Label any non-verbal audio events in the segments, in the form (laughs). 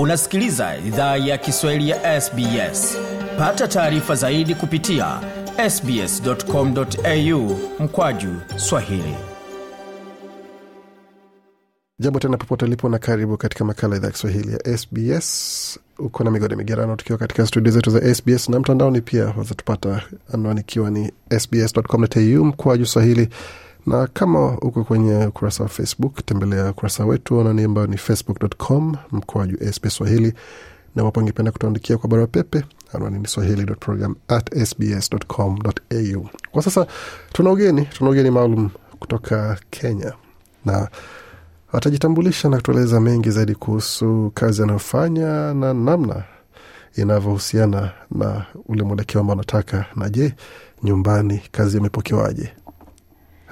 unasikiliza idhaa ya kiswahili ya sbs pata taarifa zaidi kupitia sbscomau mkwaju swahili jambo tena popote ulipo na karibu katika makala idhaa ya kiswahili ya sbs uko na migode migerano tukiwa katika studio zetu za sbs na mtandaoni pia wazatupata anwani ikiwa ni sbscomau mkwaju swahili na kama uko kwenye ukurasa wa Facebook, tembelea ukurasa wetu anani ambayo ni facebook.com mkoaju sp Swahili, na wapo angependa kutuandikia kwa barua pepe, anani ni swahili.program@sbs.com.au. Kwa sasa tuna ugeni, tuna ugeni maalum kutoka Kenya na atajitambulisha na kutueleza mengi zaidi kuhusu kazi anayofanya na namna inavyohusiana na ule mwelekeo ambao anataka. Na je, nyumbani kazi imepokewaje?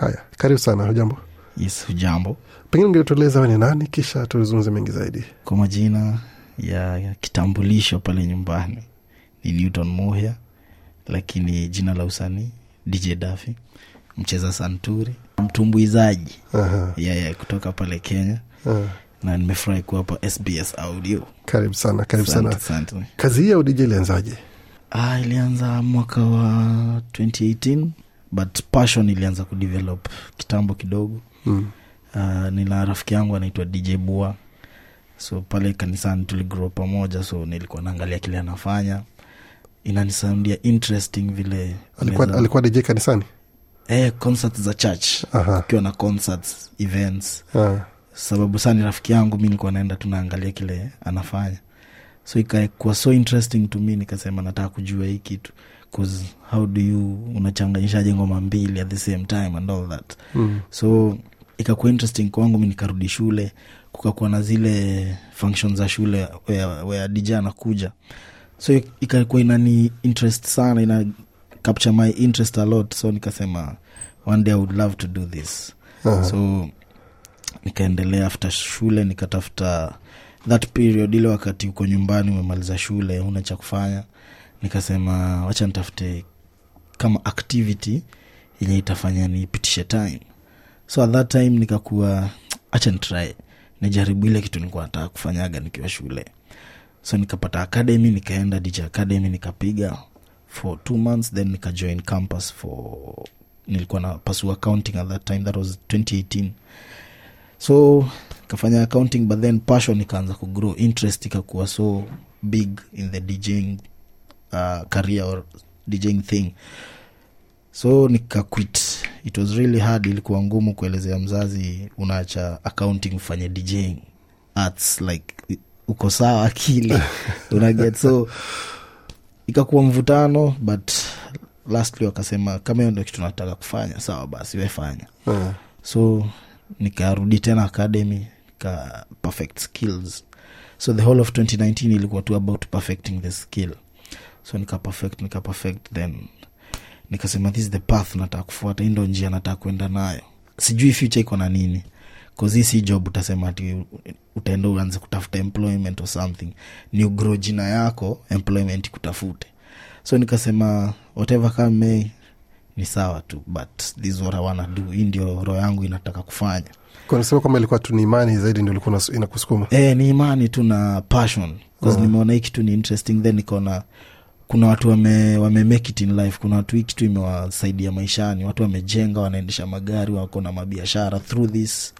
Haya, karibu sana. Hujambo? Yes, hujambo. Pengine ungetueleza we ni nani, kisha tuzungumze mengi zaidi. Kwa majina ya kitambulisho pale nyumbani ni Newton Muhya, lakini jina la usanii DJ Dafi, mcheza santuri, mtumbuizaji yaya kutoka pale Kenya. Aha. na nimefurahi kuwa hapa SBS Audio. Karibu sana, karibu sana. Asante. Kazi hii ya udj ilianzaje? Ah, ilianza mwaka wa 2018 but passion ilianza kudevelop kitambo kidogo mm. uh, ah, nila rafiki yangu anaitwa dj bua so pale kanisani tuligro pamoja so nilikuwa naangalia kile anafanya inanisaundia interesting vile alikuwa, dj kanisani eh, concert za church ukiwa na concerts events Aha. sababu saa ni rafiki yangu mi nilikuwa naenda tunaangalia kile anafanya so ikakuwa so interesting to mi nikasema nataka kujua hii kitu cause how do you unachanganyishaje ngoma mbili at the same time and all that mm. so ikakuwa interesting kwangu mi nikarudi shule kukakuwa na zile function za shule where, where dj anakuja so ikakuwa inani interest sana ina capture my interest a lot so nikasema one day i would love to do this uh-huh. so nikaendelea after shule nikatafuta that period ile wakati uko nyumbani umemaliza shule una cha kufanya nikasema wacha nitafute kama activity yenye itafanya nipitishe time so at that time nikakuwa acha nitry nijaribu ile kitu nilikuwa nataka kufanyaga nikiwa shule so nikapata academy nikaenda dj academy nikapiga for t months then nikajoin campus for nilikuwa na pasua accounting at that time that was 2018 so kafanya accounting but then passion ikaanza kugrow interest ikakuwa so big in the djing uh, career or DJing thing so nikaquit it was really hard ilikuwa ngumu kuelezea mzazi unaacha accounting ufanye djing arts like uko sawa akili (laughs) unaget so ikakuwa mvutano but lastly wakasema kama hiyo ndo kitu nataka kufanya sawa basi wefanya uh-huh. so nikarudi tena academy nika perfect skills so the whole of 2019 ilikuwa tu about perfecting the skill so nika nikapefect then nikasema this is the path nataka kufuata hii ndo njia nataka kuenda nayo sijui future iko na nini kazi si job utasema ati utaenda uanze kutafuta employment or something ni ugro jina yako employment kutafute so nikasema whatever come ni sawa tu, but this what I wanna do. Hii ndio roho yangu inataka kufanya. Kunasema kwamba ilikuwa tu ni imani zaidi ndio ilikuwa inakusukuma? E, ni imani tu na passion bcause mm. nimeona hii kitu ni interesting, then nikaona kuna watu wame, wame make it in life. Kuna watu hii kitu imewasaidia maishani, watu wamejenga, wanaendesha magari, wako na mabiashara through this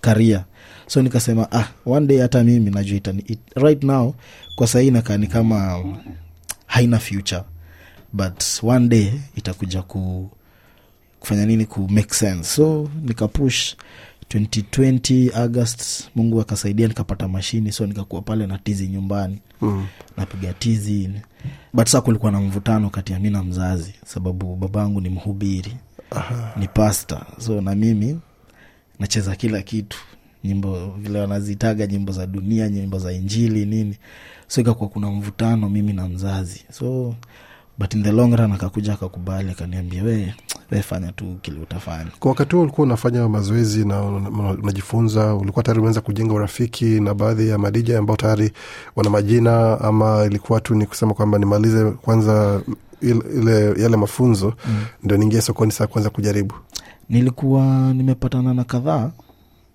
karia So nikasema ah, one day hata mimi najua itani it, right now, kwa sahii nakaa ni kama haina future but one day itakuja ku kufanya nini ku make sense so nikapush 2020 august mungu akasaidia nikapata mashini so nikakuwa pale na tizi nyumbani mm. napiga tizi but sa kulikuwa na mvutano kati ya mi na mzazi sababu babangu ni mhubiri Aha. ni pasta so na mimi nacheza kila kitu nyimbo vile wanazitaga nyimbo za dunia nyimbo za injili nini so ikakuwa kuna mvutano mimi na mzazi so but in the long run akakuja akakubali akaniambia we wefanya tu kile utafanya kwa wakati huo ulikuwa unafanya mazoezi na unajifunza ulikuwa tayari umeanza kujenga urafiki na baadhi ya madija ambao tayari wana majina ama ilikuwa tu ni kusema kwamba nimalize kwanza ile, ile yale mafunzo mm. ndio niingie sokoni saa kwanza kujaribu nilikuwa nimepatana na kadhaa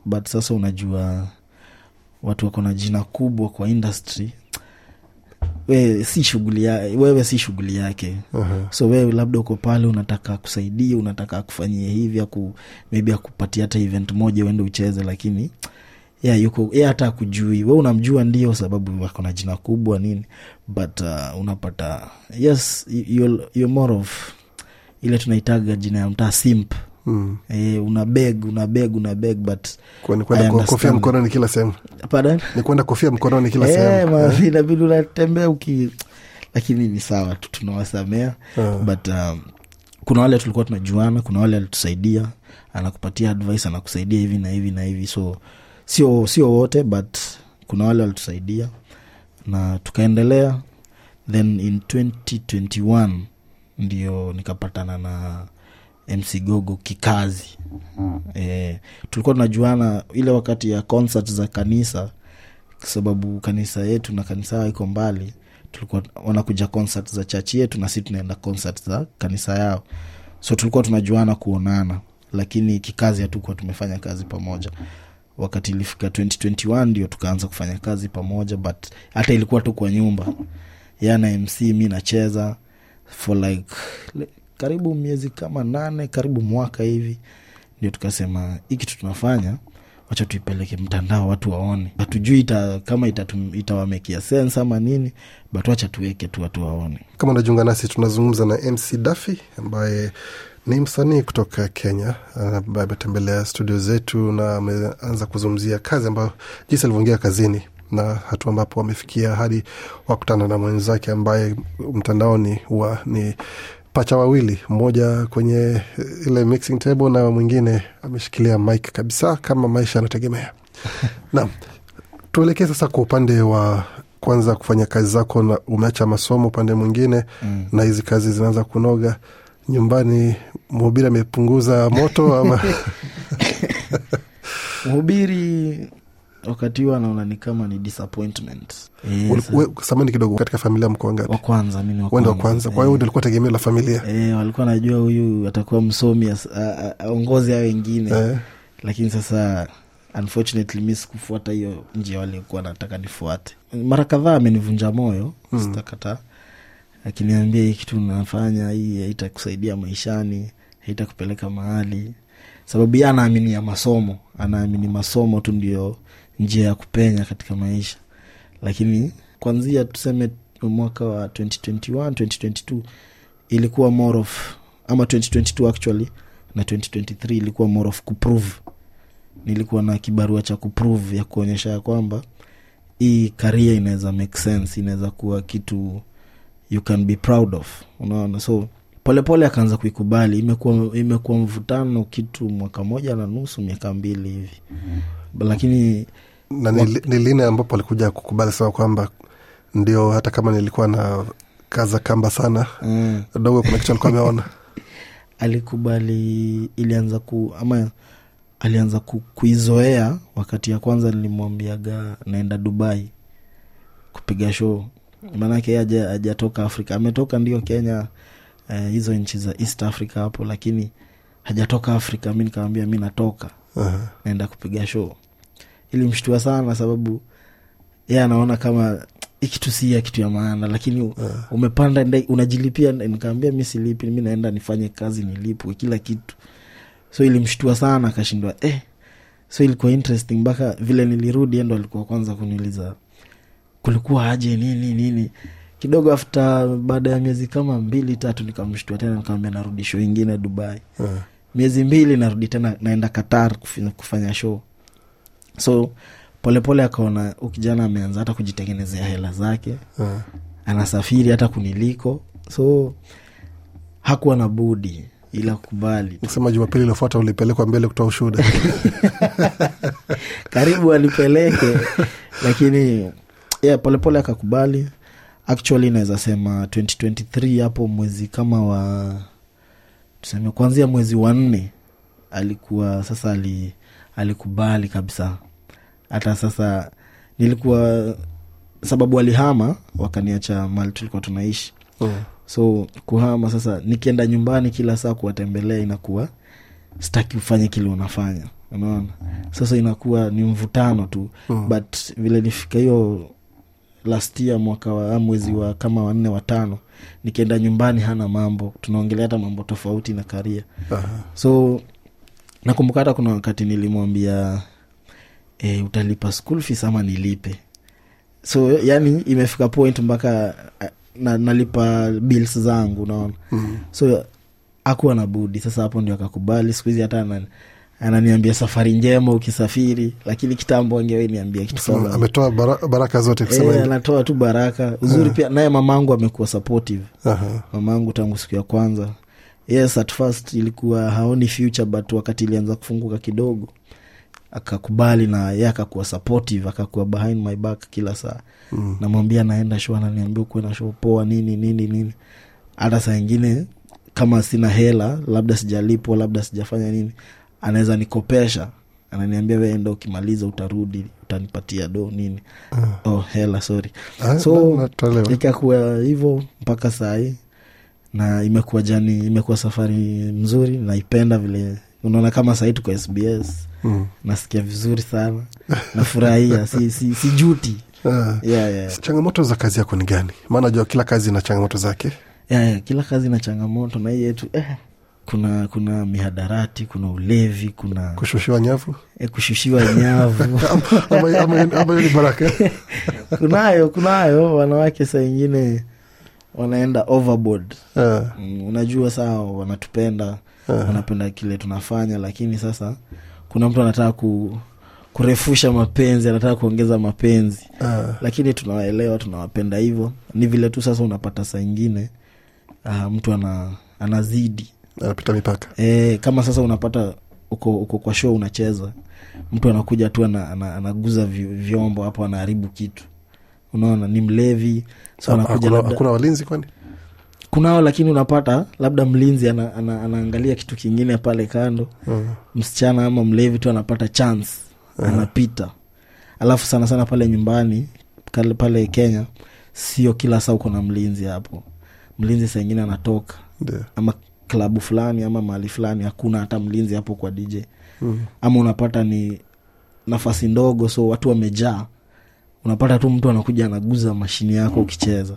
but sasa unajua watu wako na jina kubwa kwa industry wewe si shughuli wewe si shughuli yake uh-huh. so wewe labda uko pale unataka kusaidia unataka akufanyie hivi aku maybe akupatia hata event moja uende ucheze lakini yeah, yuko yeah, hata akujui we unamjua ndio sababu wako na jina kubwa nini but uh, unapata yes you're, you're more of ile tunaitaga jina ya mtaa simp mm. E, una beg una beg una beg but kofia mkononi kila eh, sehemu kofia mkononi kila sehemu inabidi unatembea uki lakini ni sawa tu tunawasamea uh. but um, kuna wale tulikuwa tunajuana kuna wale alitusaidia anakupatia advice anakusaidia hivi na hivi na hivi so sio sio wote but kuna wale walitusaidia na tukaendelea then in 2021 ndio nikapatana na MC Gogo kikazi. mm -hmm. E, tulikuwa tunajuana ile wakati ya concert za kanisa, kwa sababu kanisa yetu na kanisa yao iko mbali, tulikuwa wanakuja concert za chachi yetu na si tunaenda concert za kanisa yao, so tulikuwa tunajuana kuonana, lakini kikazi hatukuwa tumefanya kazi pamoja. Wakati ilifika 2021 ndio tukaanza kufanya kazi pamoja, but hata ilikuwa tu kwa nyumba yana MC mi nacheza for like karibu miezi kama nane karibu mwaka hivi ndio tukasema hii kitu tunafanya wacha tuipeleke mtandao watu waone hatujui ita, kama itawamekia ita sense ama nini bat wacha tuweke tu watu waone kama unajiunga nasi tunazungumza na mc dafi ambaye ni msanii kutoka Kenya ambaye ametembelea studio zetu na ameanza kuzungumzia kazi ambayo jinsi alivyoingia kazini na hatua ambapo wamefikia hadi wakutana na mwenzake ambaye mtandaoni huwa ni pacha wawili, mmoja kwenye ile mixing table na mwingine ameshikilia mik kabisa, kama maisha yanategemea. (laughs) Naam, tuelekee sasa kwa upande wa kwanza kufanya kazi zako na umeacha masomo upande mwingine mm. na hizi kazi zinaanza kunoga nyumbani. Mhubiri amepunguza moto ama (laughs) mhubiri wakati huo anaona ni kama ni disappointment. Yes. Eh, samani kidogo, katika familia mko ngapi? Wa kwanza mimi, wa wa kwanza. Kwa hiyo eh. ndio tegemeo la familia e, walikuwa najua huyu atakuwa msomi aongozi a wengine e. Lakini sasa unfortunately mi sikufuata hiyo njia waliokuwa nataka nifuate. Mara kadhaa amenivunja moyo mm. Sitakataa, akiniambia hii kitu nafanya hii haitakusaidia maishani, haitakupeleka mahali, sababu ye anaamini ya masomo, anaamini masomo tu ndio njia ya kupenya katika maisha, lakini kwanzia tuseme mwaka wa 2021 2022 ilikuwa more of ama 2022 actually na 2023 ilikuwa more of kuprove. Nilikuwa na kibarua cha kuprove ya kuonyesha ya kwamba hii karia inaweza make sense, inaweza kuwa kitu you can be proud of, unaona. So polepole akaanza kuikubali. Imekuwa imekuwa mvutano kitu mwaka moja na nusu, miaka mbili hivi mm-hmm lakini na ni, ni lini ambapo alikuja kukubali sawa kwamba ndio, hata kama nilikuwa na kaza kamba sana mm. dogo, kuna kitu alikuwa ameona (laughs) alikubali, ilianza ku ama alianza ku, kuizoea. Wakati ya kwanza nilimwambiaga naenda Dubai kupiga shoo maanake ajatoka Afrika, ametoka ndio Kenya eh, hizo nchi za East Africa hapo, lakini hajatoka Afrika. Mi nikamwambia mi natoka uh -huh. naenda kupiga shoo ilimshtua sana sababu ye anaona kama ikitu si ya kitu ya maana lakini uh. umepanda ndai, unajilipia nikaambia mi silipi mi naenda nifanye kazi nilipwe kila kitu so ilimshtua sana akashindwa eh. so ilikuwa interesting mpaka vile nilirudi ndo alikuwa kwanza kuniuliza kulikuwa aje nini nini kidogo afta baada ya miezi kama mbili tatu nikamshtua tena nikaambia narudi show ingine dubai uh. miezi mbili narudi tena naenda qatar kufanya, kufanya show so polepole akaona ukijana ameanza hata kujitengenezea hela zake uh. anasafiri hata kuniliko so hakuwa na budi ila kubali sema jumapili iliofuata ulipelekwa mbele kutoa ushuda (laughs) karibu alipeleke (laughs) lakini yeah, polepole akakubali actually naweza sema 2023 hapo mwezi kama wa tuseme kuanzia mwezi wa nne alikuwa sasa ali alikubali kabisa. Hata sasa nilikuwa sababu alihama wakaniacha mali tulikuwa tunaishi mm. so kuhama sasa, nikienda nyumbani kila saa kuwatembelea inakuwa sitaki ufanye kile unafanya, unaona. Sasa inakuwa ni mvutano tu mm. but vile nifika hiyo last year mwaka wa ah, mwezi wa kama wanne watano, nikienda nyumbani hana mambo, tunaongelea hata mambo tofauti na karia uh -huh. so nakumbuka hata kuna wakati nilimwambia e, utalipa school fees ama nilipe so yani imefika point mpaka eh, na, nalipa bills zangu naona mm. so akuwa na budi sasa hapo ndio akakubali sikuhizi hata ananiambia safari njema ukisafiri lakini kitambo angeweniambia niambia baraka, e, tu baraka uzuri yeah. pia naye mamangu amekuwa supportive uh-huh. mamangu tangu siku ya kwanza yes, at first ilikuwa haoni future but wakati ilianza kufunguka kidogo akakubali na ye akakuwa supportive akakuwa behind my back kila saa mm. namwambia naenda sho ananiambia kuwe na sho poa nini nini nini hata saa ingine kama sina hela labda sijalipwa labda sijafanya nini anaweza nikopesha ananiambia weenda ukimaliza utarudi utanipatia do nini ah. oh, hela sorry ah, so ikakuwa hivo mpaka saahii na imekuwa jani imekuwa safari mzuri naipenda vile unaona kama sahii tuko sbs mm. nasikia vizuri sana nafurahia si, si, si juti uh, yeah, yeah. changamoto za kazi yako ni gani maana jua kila kazi ina changamoto zake yeah, yeah, kila kazi ina changamoto na hii yetu eh, kuna kuna mihadarati kuna ulevi kuna kushushiwa nyavu e, kushushiwa nyavu (laughs) ni baraka (laughs) kunayo kunayo wanawake saa ingine wanaenda overboard yeah. Mm, unajua saa wanatupenda yeah. wanapenda kile tunafanya lakini sasa kuna mtu anataka ku kurefusha mapenzi anataka kuongeza mapenzi uh. lakini tunawaelewa tunawapenda hivyo ni vile tu sasa unapata saa ingine uh, mtu ana, anazidi anapita mipaka e, kama sasa unapata uko, uko kwa show unacheza mtu anakuja tu anaguza ana, ana vyombo hapo anaharibu kitu unaona ni mlevi so walinzi kwani kunao lakini unapata labda mlinzi ana, ana, anaangalia kitu kingine pale kando mm. msichana ama mlevi tu anapata chance mm. anapita alafu sana sana pale nyumbani pale kenya sio kila saa uko na mlinzi hapo mlinzi saingine anatoka yeah. ama klabu fulani ama mahali fulani hakuna hata mlinzi hapo kwa dj mm. ama unapata ni nafasi ndogo so watu wamejaa unapata tu mtu anakuja anaguza mashini yako mm. ukicheza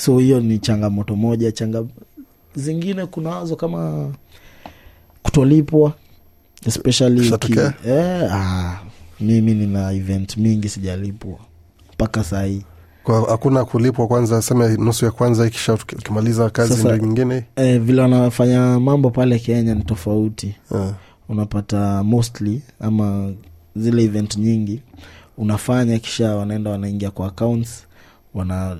so hiyo ni changamoto moja changa zingine kunazo kama kutolipwa especially ki, eh, ah, mimi nina event mingi sijalipwa mpaka sahii hakuna kulipwa kwanza seme nusu ya kwanza ikisha ukimaliza kazi Sasa, nyingine eh, vile wanafanya mambo pale kenya ni tofauti yeah. unapata mostly ama zile event nyingi unafanya, kisha wanaenda wanaingia kwa accounts wana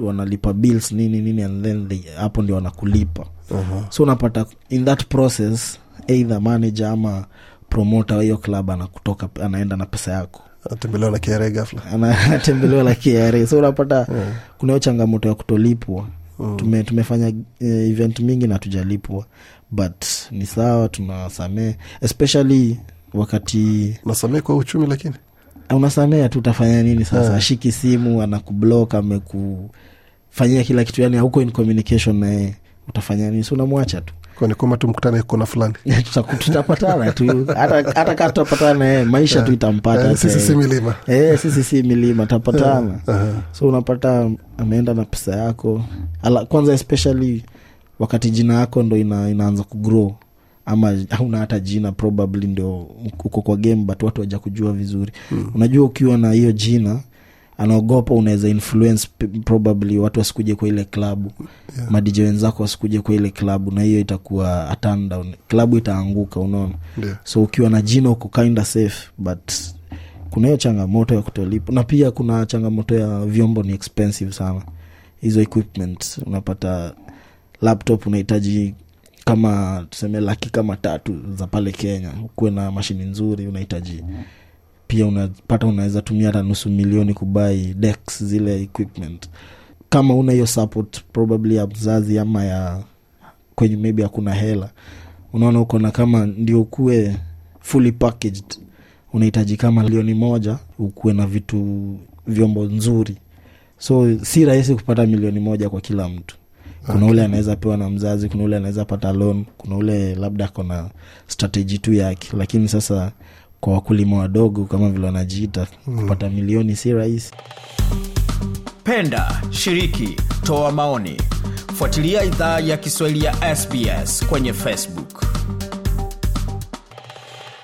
wanalipa bills nini nini and then they, hapo ndio wanakulipa uh-huh. so unapata in that process either manager ama promoter wa hiyo club anakutoka anaenda na pesa yako anatembelewa na kiare gafla anatembelewa (laughs) na kiare so unapata uh-huh. (laughs) kuna hiyo changamoto ya kutolipwa mm. tume, tumefanya uh, event mingi na tujalipwa but ni sawa tunasamee especially wakati nasamee kwa uchumi lakini unasamea tu, utafanya nini sasa? yeah. Ashiki simu, anakublock, amekufanyia kila kitu, yani auko in communication na utafanya nini? Si unamwacha tu kama tumkutane kona fulani (laughs) tutapatana tu, hata kaa tutapatana e, maisha yeah. tu itampata yeah, eh, sisi si milima e, sisi si milima tapatana yeah. uh-huh. so unapata ameenda na pesa yako ala, kwanza especially wakati jina yako ndo ina, inaanza kugrow ama hauna hata jina probably ndio uko kwa game but watu waja kujua vizuri mm. unajua ukiwa na hiyo jina anaogopa unaweza influence probably watu wasikuje kwa ile klabu yeah. madija wenzako wasikuje kwa ile klabu na hiyo itakuwa atandown klabu itaanguka unaona yeah. so ukiwa na jina uko kinda safe but kuna hiyo changamoto ya kutolipa na pia kuna changamoto ya vyombo ni expensive sana hizo equipment unapata laptop unahitaji kama tuseme laki kama tatu za pale kenya ukuwe na mashini nzuri unahitaji pia unapata unaweza tumia hata nusu milioni kubai dex zile equipment kama una hiyo support probably ya mzazi ama ya kwenye maybe hakuna hela unaona uko na kama ndio ukuwe fully packaged unahitaji kama milioni moja ukuwe na vitu vyombo nzuri so si rahisi kupata milioni moja kwa kila mtu kuna ule anaweza pewa na mzazi kuna ule anaweza pata loan kuna ule labda kona strateji tu yake lakini sasa kwa wakulima wadogo kama vile wanajiita mm. kupata milioni si rahisi penda shiriki toa maoni fuatilia idhaa ya kiswahili ya sbs kwenye facebook